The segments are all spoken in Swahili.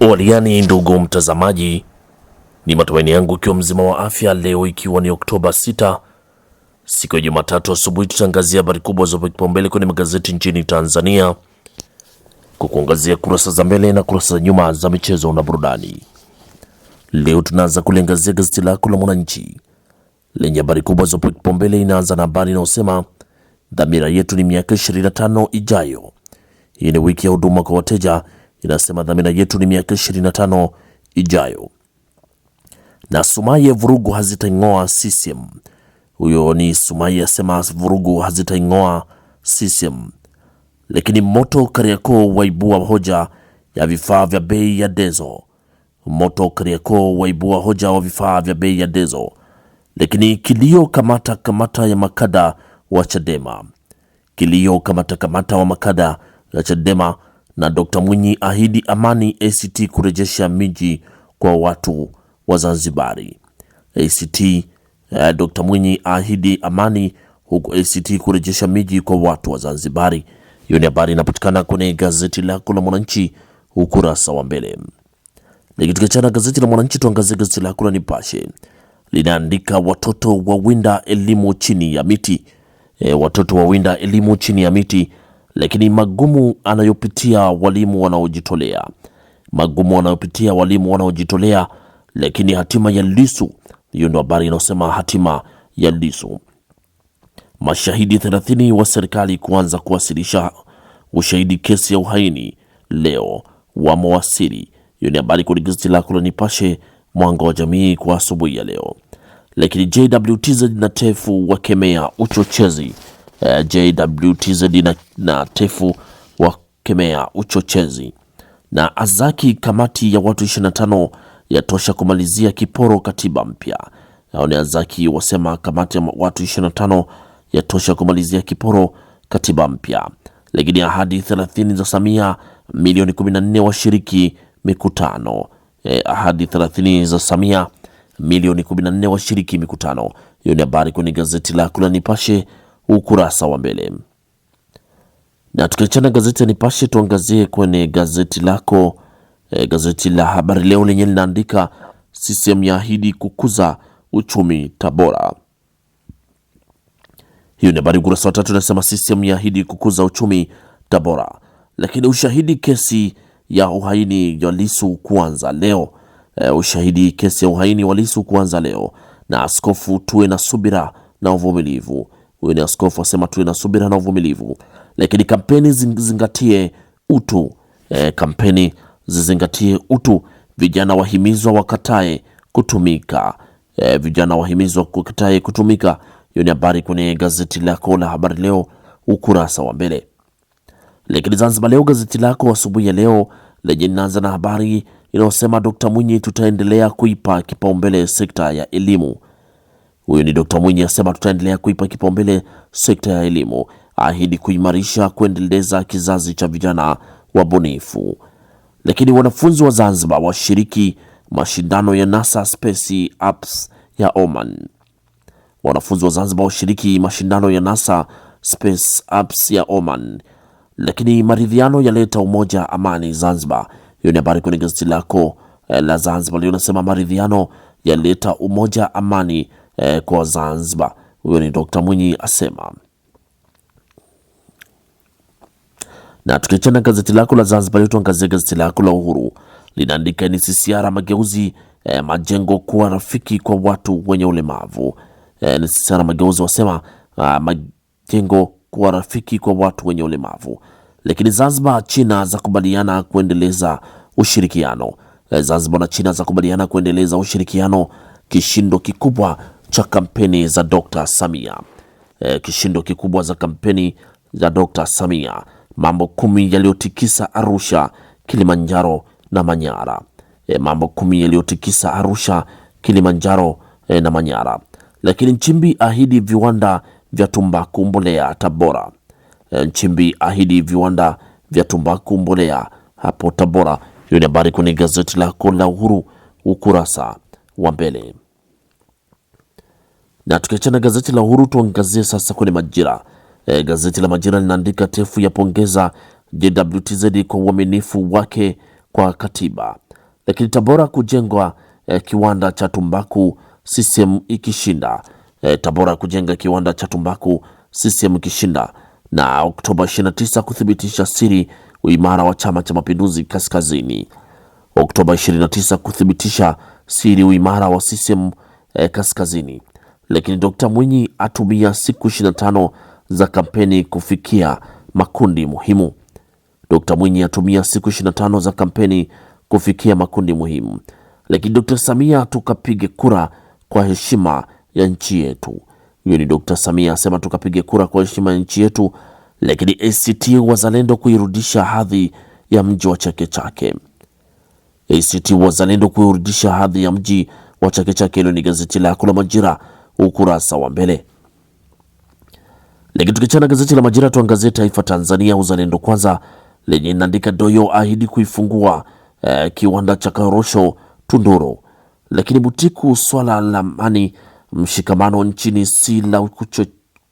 waliani ndugu mtazamaji, ni matumaini yangu ikiwa mzima wa afya leo, ikiwa ni Oktoba 6 siku ya Jumatatu asubuhi, tutaangazia habari kubwa zopewa kipaumbele kwenye magazeti nchini Tanzania, kukuangazia kurasa za mbele na kurasa za nyuma za michezo na burudani. Leo tunaanza kuliangazia gazeti lako la Mwananchi lenye habari kubwa zopewa kipaumbele. Inaanza na habari inayosema dhamira yetu ni miaka 25 ijayo. Hii ni wiki ya huduma kwa wateja inasema dhamira yetu ni miaka 25 ijayo na Sumaye, vurugu hazitaing'oa CCM. Huyo ni Sumaye asema vurugu hazitaing'oa CCM. Lakini moto Kariakoo waibua hoja ya vifaa vya bei ya dezo. Moto Kariakoo waibua hoja wa vifaa vya bei ya dezo. Lakini kilio kamata kamata ya makada wa Chadema, kilio kamata kamata wa makada ya Chadema na Dr. Mwinyi ahidi amani ACT kurejesha miji kwa watu wa Zanzibari. ACT eh, Dr. Mwinyi ahidi amani huku ACT kurejesha miji kwa watu wa Zanzibari. Hiyo ni habari inapatikana kwenye gazeti lako la Mwananchi ukurasa wa mbele. chana gazeti la Mwananchi, tuangazie gazeti lako la Nipashe linaandika watoto wawinda elimu chini ya miti. E, watoto wawinda elimu chini ya miti lakini magumu anayopitia walimu wanaojitolea, magumu wanayopitia walimu wanaojitolea, lakini hatima ya lisu Hiyo ndio habari inayosema hatima ya lisu Mashahidi 30 wa serikali kuanza kuwasilisha ushahidi kesi ya uhaini leo, wa mawasili. Hiyo ni habari kwenye gazeti lako la Nipashe mwanga wa jamii kwa asubuhi ya leo. Lakini JWTZ na tefu wakemea uchochezi Eh, JWTZ na, na tefu kemea uchochezi na Azaki. Kamati ya watu 25 yatosha kumalizia kiporo katiba mpya. Hao Azaki wasema kamati ya watu 25 yatosha kumalizia kiporo katiba mpya. Lakini ahadi 30 za Samia, milioni 14 washiriki mikutano. Eh, ahadi 30 za Samia, milioni 14 washiriki mikutano. Hiyo ni habari kwenye gazeti la kula Nipashe ukurasa wa mbele. Na tukiachana gazeti ya Nipashe, tuangazie kwenye gazeti lako e, gazeti la Habari Leo lenye linaandika CCM yaahidi kukuza uchumi Tabora. Hiyo ni habari ukurasa wa tatu, inasema CCM yaahidi kukuza uchumi Tabora. Lakini ushahidi kesi ya uhaini ya Lisu kuanza leo. E, ushahidi kesi ya uhaini wa Lisu kuanza leo. Na askofu tuwe na subira na uvumilivu. Huyo ni askofu asema tuwe na subira na uvumilivu, lakini kampeni zizingatie utu. E, kampeni zizingatie utu. Vijana wahimizwa wakatae kutumika. E, vijana wahimizwa wakatae kutumika. Hiyo ni habari kwenye gazeti lako la Habari Leo ukurasa wa mbele. Lakini Zanzibar Leo, gazeti lako asubuhi ya leo lenye linaanza na habari inayosema Dr. Mwinyi, tutaendelea kuipa kipaumbele sekta ya elimu. Huyo ni Dkt. Mwinyi asema tutaendelea kuipa kipaumbele sekta ya elimu, ahidi kuimarisha kuendeleza kizazi cha vijana wabunifu. Lakini wanafunzi wa Zanzibar washiriki mashindano ya NASA Space Apps ya Oman. Wanafunzi wa Zanzibar washiriki mashindano ya NASA Space Apps ya Oman. Lakini maridhiano yaleta umoja, amani Zanzibar. Hiyo ni habari kwenye gazeti lako eh, la Zanzibar leo, nasema maridhiano yaleta umoja, amani eh, kwa Zanzibar. Huyo ni Dr. Mwinyi asema. Na tukiachana gazeti lako la Zanzibar leo, tuangazie gazeti lako la Uhuru linaandika ni CCR mageuzi eh, majengo kuwa rafiki kwa watu wenye ulemavu. Eh, ni CCR mageuzi wasema ah, majengo kuwa rafiki kwa watu wenye ulemavu. Lakini Zanzibar China zakubaliana kuendeleza ushirikiano. Eh, Zanzibar na China zakubaliana kuendeleza ushirikiano, kishindo kikubwa cha kampeni za Dr. Samia. E, kishindo kikubwa za kampeni za Dr. Samia, mambo kumi yaliyotikisa Arusha, Kilimanjaro na Manyara. E, mambo kumi yaliyotikisa Arusha, Kilimanjaro e, na Manyara. Lakini Nchimbi ahidi viwanda vya tumbaku mbolea Tabora. E, Nchimbi ahidi viwanda vya tumbaku mbolea hapo Tabora. Hiyo ni habari kwenye gazeti lako la Uhuru ukurasa wa mbele. Na tukiacha na gazeti la Uhuru tuangazie sasa kwenye Majira. E, gazeti la Majira linaandika tefu ya pongeza JWTZ kwa uaminifu wake kwa katiba, lakini Tabora kujengwa e, kiwanda cha tumbaku CCM ikishinda e, Tabora kujenga kiwanda cha tumbaku CCM ikishinda, na Oktoba 29 kuthibitisha siri uimara wa Chama cha Mapinduzi Kaskazini. Oktoba 29 kuthibitisha siri uimara wa CCM e, Kaskazini. Lakini Dkt Mwinyi atumia siku 25 za kampeni kufikia makundi muhimu. Dr. Mwinyi atumia siku 25 za kampeni kufikia makundi muhimu. Lakini d Samia tukapige kura kwa heshima ya nchi yetu. Hiyo ni d Samia asema tukapige kura kwa heshima ya nchi yetu. Lakini ACT Wazalendo kuirudisha hadhi ya mji wa Chake Chake. ACT Wazalendo kuirudisha hadhi ya mji wa Chake Chake. Hilo ni gazeti lako la Majira ukurasa wa mbele. Lakini tukichana gazeti la Majira, tuangazie Taifa Tanzania Uzalendo Kwanza lenye inaandika Doyo ahidi kuifungua eh, kiwanda cha korosho Tunduru. Lakini Butiku, swala la amani mshikamano nchini si la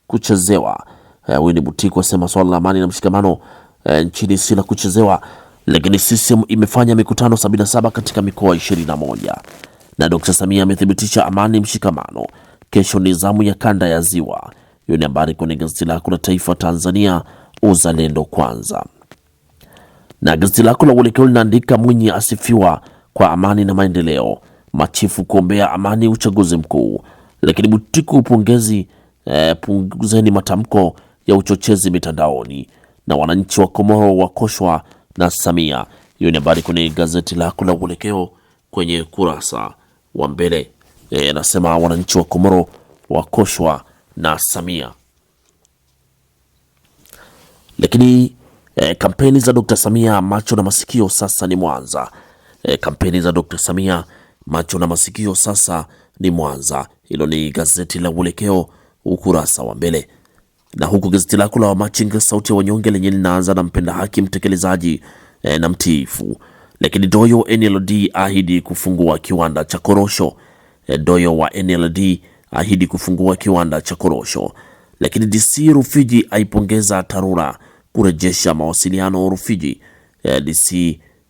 kuchezewa. Eh, huyu eh, ni Butiku asema swala la amani na mshikamano eh, nchini si la kuchezewa. Lakini CCM imefanya mikutano 77 katika mikoa 21 na Dr. Samia amethibitisha amani mshikamano Kesho ni zamu ya kanda ya Ziwa. Hiyo ni habari kwenye gazeti lako la Taifa Tanzania, uzalendo kwanza. Na gazeti lako la Uelekeo linaandika Mwinyi asifiwa kwa amani na maendeleo, machifu kuombea amani uchaguzi mkuu, lakini Butiku pongezi eh, punguzeni matamko ya uchochezi mitandaoni, na wananchi wa Komoro wakoshwa na Samia. Hiyo ni habari kwenye gazeti lako la Uelekeo kwenye kurasa wa mbele anasema e, wananchi wa Komoro wakoshwa na Samia. Lakini e, kampeni za Dr. Samia macho na masikio sasa ni Mwanza. E, kampeni za Dr. Samia macho na masikio sasa ni Mwanza. Hilo ni gazeti la Uelekeo ukurasa wa mbele, na huku gazeti lako la Wamachinga sauti ya wanyonge lenye linaanza na mpenda haki mtekelezaji e, na mtiifu. Lakini Doyo NLD ahidi kufungua kiwanda cha korosho Eh, Doyo wa NLD ahidi kufungua kiwanda cha korosho. Lakini DC Rufiji aipongeza Tarura kurejesha mawasiliano Rufiji. Eh, DC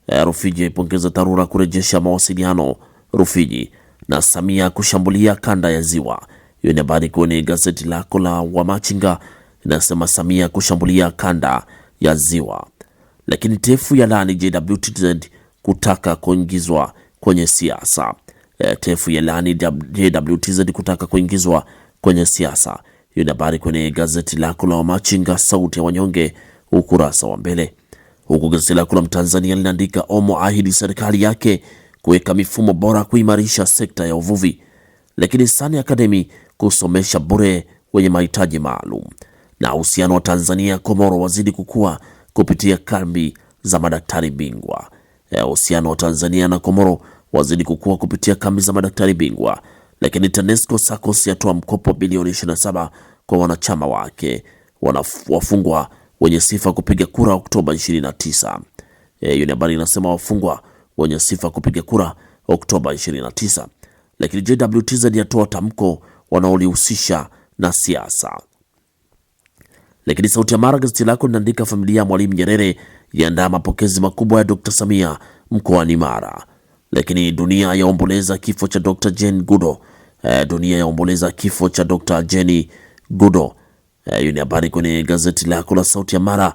eh, Rufiji aipongeza Tarura kurejesha mawasiliano Rufiji. Na Samia kushambulia kanda ya Ziwa. Hiyo ni habari kwenye gazeti lako la Wamachinga, inasema Samia kushambulia kanda ya Ziwa. Lakini tefu ya lani JWTZ kutaka kuingizwa kwenye siasa tefu ya lani JWTZ kutaka kuingizwa kwenye siasa. Hiyo ni habari kwenye gazeti lako la Wamachinga sauti ya wanyonge ukurasa wa mbele, huku gazeti lako la Mtanzania linaandika Omo ahidi serikali yake kuweka mifumo bora kuimarisha sekta ya uvuvi, lakini Sani Academy kusomesha bure wenye mahitaji maalum, na uhusiano wa Tanzania Komoro wazidi kukua kupitia kambi za madaktari bingwa. Eh, uhusiano wa Tanzania na Komoro wazidi kukua kupitia kambi za madaktari bingwa, lakini TANESCO SACCOS yatoa mkopo bilioni 27 kwa wanachama wake wafungwa wenye sifa kupiga kura Oktoba 29. Eh, hiyo ni habari inasema wafungwa wenye sifa kupiga kura Oktoba 29, lakini JWTZ yatoa tamko wanaolihusisha na siasa. Lakini Sauti ya Mara gazeti lako linaandika familia ya Mwalimu Nyerere yaandaa mapokezi makubwa ya Dr. Samia mkoani Mara. Lakini dunia yaomboleza kifo cha Dr. Jane Gudo. Uh, eh, dunia yaomboleza kifo cha Dr. Jane Gudo. Eh, hiyo uh, ni habari kwenye gazeti lako la Sauti ya Mara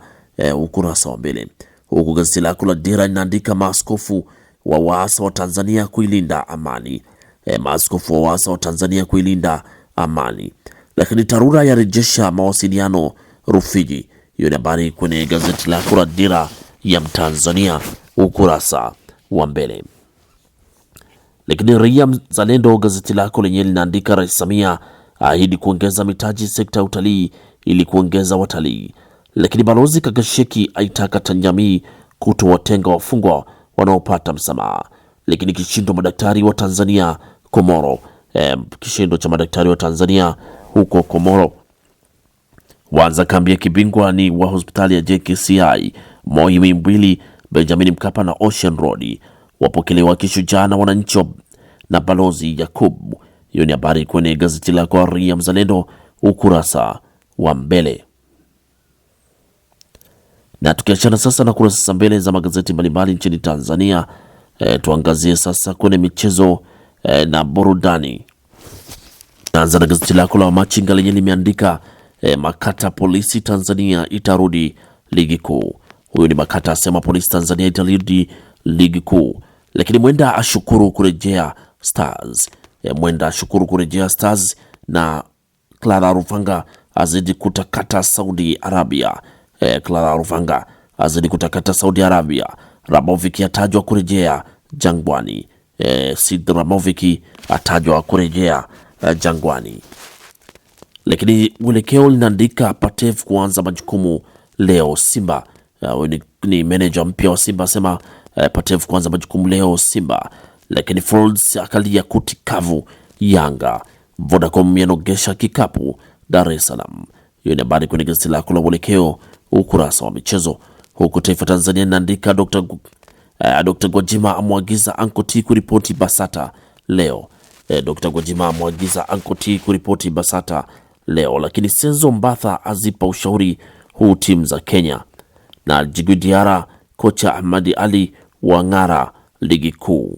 uh, ukurasa wa mbele, huku gazeti lako la Dira linaandika maaskofu wa waasa wa Tanzania kuilinda amani. E, maaskofu wa waasa wa Tanzania kuilinda amani. Lakini TARURA yarejesha mawasiliano Rufiji. Hiyo ni habari kwenye gazeti lako la Dira ya Mtanzania ukurasa wa mbele. Lakini Raia Mzalendo, gazeti lako lenyewe linaandika Rais Samia ahidi kuongeza mitaji sekta ya utalii ili kuongeza watalii. Lakini Balozi Kagasheki aitaka Tanjamii kutowatenga wafungwa wanaopata msamaha. Lakini kishindo madaktari wa Tanzania Komoro, e, kishindo cha madaktari wa Tanzania huko Komoro waanza kambi ya kibingwa ni wa hospitali ya JKCI Muhimbili, Benjamin Mkapa na Ocean Road wapokelewa kishujaa na wananchi na Balozi Yakub. Hiyo ni habari kwenye gazeti la Kwari ya Mzalendo ukurasa wa mbele. Na tukiachana sasa na kurasa za mbele za magazeti mbalimbali nchini Tanzania, e, tuangazie sasa kwenye michezo e, na burudani. Naanza na gazeti lako la Wamachinga lenye limeandika e, Makata polisi Tanzania itarudi ligi kuu. Huyu ni Makata asema polisi Tanzania itarudi ligi kuu lakini mwenda ashukuru kurejea Stars. E, mwenda ashukuru kurejea Stars na Clara Rufanga azidi kutakata Saudi Arabia. E, Clara Rufanga azidi kutakata Saudi Arabia. Ramoviki atajwa kurejea Jangwani. E, Sid Ramoviki atajwa kurejea e, Jangwani. Lakini mwelekeo linaandika Patev kuanza majukumu leo Simba. Uh, ni, ni manager mpya wa Simba asema eh, kuanza majukumu leo Simba, lakini Folds akalia kuti kavu Yanga. Vodacom yanogesha kikapu Dar es Salaam. Hiyo ni habari kwenye gazeti lako la Mwelekeo ukurasa wa michezo, huku Taifa Tanzania inaandika Dr. eh, Dr. Gwajima amwagiza Ankoti kuripoti Basata leo. Eh, Dr. Gwajima amwagiza Ankoti kuripoti Basata leo, lakini Senzo Mbatha azipa ushauri huu timu za Kenya na Djigui kocha Ahmadi Ali wa ng'ara ligi kuu.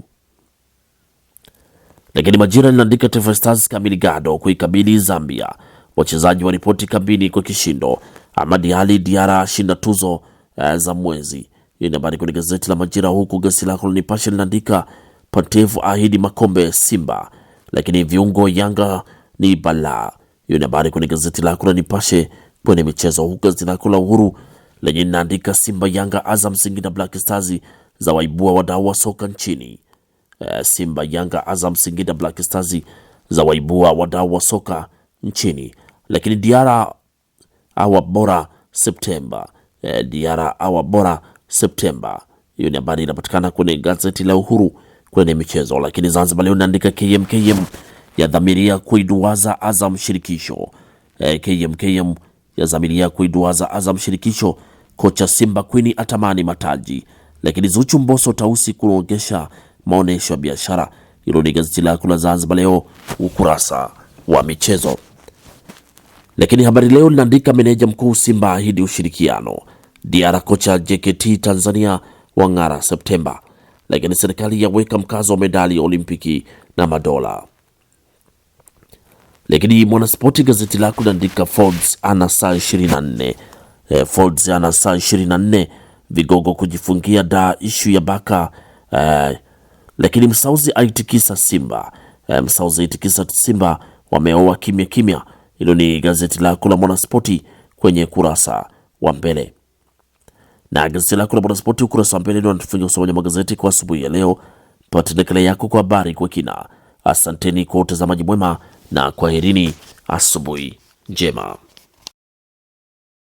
Lakini Majira linaandika Taifa Stars kamili gado kuikabili Zambia, wachezaji wa ripoti kambini kwa kishindo. Amadi Ali Diara shinda tuzo uh, za mwezi. Hii ni habari kwenye gazeti la Majira, huku gazeti lako la Nipashe linaandika Pantevu ahidi makombe Simba, lakini viungo Yanga ni balaa. Hiyo ni habari kwenye gazeti lako la Nipashe kwenye michezo, huku gazeti lako la Uhuru lenye linaandika Simba Yanga Azam Singida Black Stars za waibua wadau wa soka nchini. Eh, Simba, Yanga, Azam, Singida Black Stars za waibua wadau wa soka nchini, lakini Diara awa bora Septemba. Eh, Diara awa bora Septemba. Hiyo ni habari inapatikana kwenye gazeti la Uhuru kwenye michezo. Lakini Zanzibar Leo inaandika KMKM dhamiria kuiduaza Azam shirikisho. Eh, KMKM dhamiria kuiduaza Azam shirikisho. Kocha Simba Queen atamani mataji lakini Zuchu Mboso Tausi kuongesha maonesho ya biashara. Hilo ni gazeti lako la Zanzibar Leo ukurasa wa michezo. Lakini Habari Leo linaandika meneja mkuu Simba ahidi ushirikiano, DR kocha JKT Tanzania wang'ara Septemba, lakini serikali yaweka mkazo wa medali ya Olimpiki na madola. Lakini Mwanaspoti gazeti lako linaandika Forbes ana saa 24 eh, Forbes ana saa 24 vigogo kujifungia da ishu ya baka eh, lakini msauzi aitikisa Simba eh, msauzi aitikisa Simba wameoa kimya kimya. Hilo ni gazeti lako la Mwanaspoti kwenye kurasa wa mbele na gazeti lako la Mwanaspoti ukurasa wa mbele ndio natufungia usomaji wa magazeti kwa asubuhi ya leo. Pata nakala yako kwa habari kwa kina. Asanteni kwa utazamaji mwema na kwaherini, asubuhi njema.